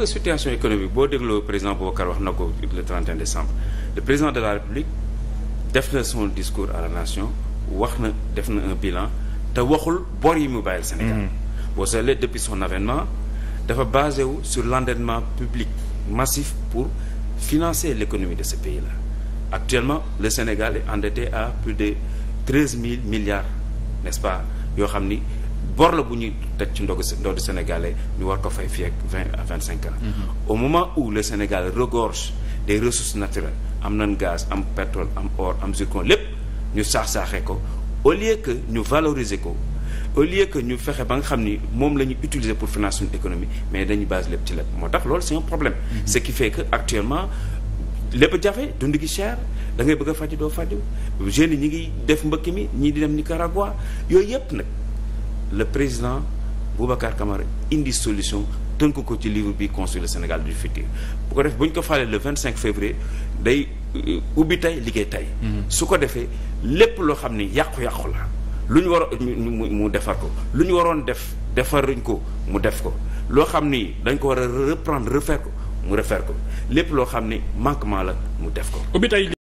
que situation économique boo dégloo président Boubacar wax na ko le 31 décembre le président de la République def na son discours à la nation wax na def na un bilan te waxul bor yi mu bàyyil Sénégal mm-hmm. boo seetlee depuis son avènement dafa basé wu sur l'endettement public massif pour financer l'économie de ce pays-là actuellement le Sénégal est endetté à plus de treize mille milliards n'est-ce pas yoo xam ni bor la bu ñuy teg ci ndogu ndoddu sénégalais ñu war ko fay fii ak vingt à vingt cinq ans. Mm-hmm. au moment où le Sénégal regorge des ressources naturelles am nan gaz am pétrole am or am zircon lépp ñu saax saaxee ko au lieu que ñu valoriser ko au lieu que ñu fexe ba nga xam ni moom la ñu utiliser pour financer suñu économie mais dañu base lépp ci lépp moo tax loolu c'est un problème. Mm-hmm. ce qui fait que actuellement lépp jafe dund gi cher da ngay bëgg a faju doo faj jeunes yi ñu ngi def mbëkk mi ñii di dem Nicaragua yooyu yëpp nag. le président Boubacar Camara indi solution tënk ko ci livre bi construire le Sénégal du futur bu ko def bu ñu ko faalee le vingt cinq février day euh, ubbi tey liggéey tey mhm. su ko defee lépp loo xam ne yàqu-yàqu la lu ñu waroon mu defar ko lu ñu waroon def defaruñ ko mu def ko loo xam ni dañ ko war a reprendre refaire ko mu refaire ko lépp loo xam ni manquement la mu def ko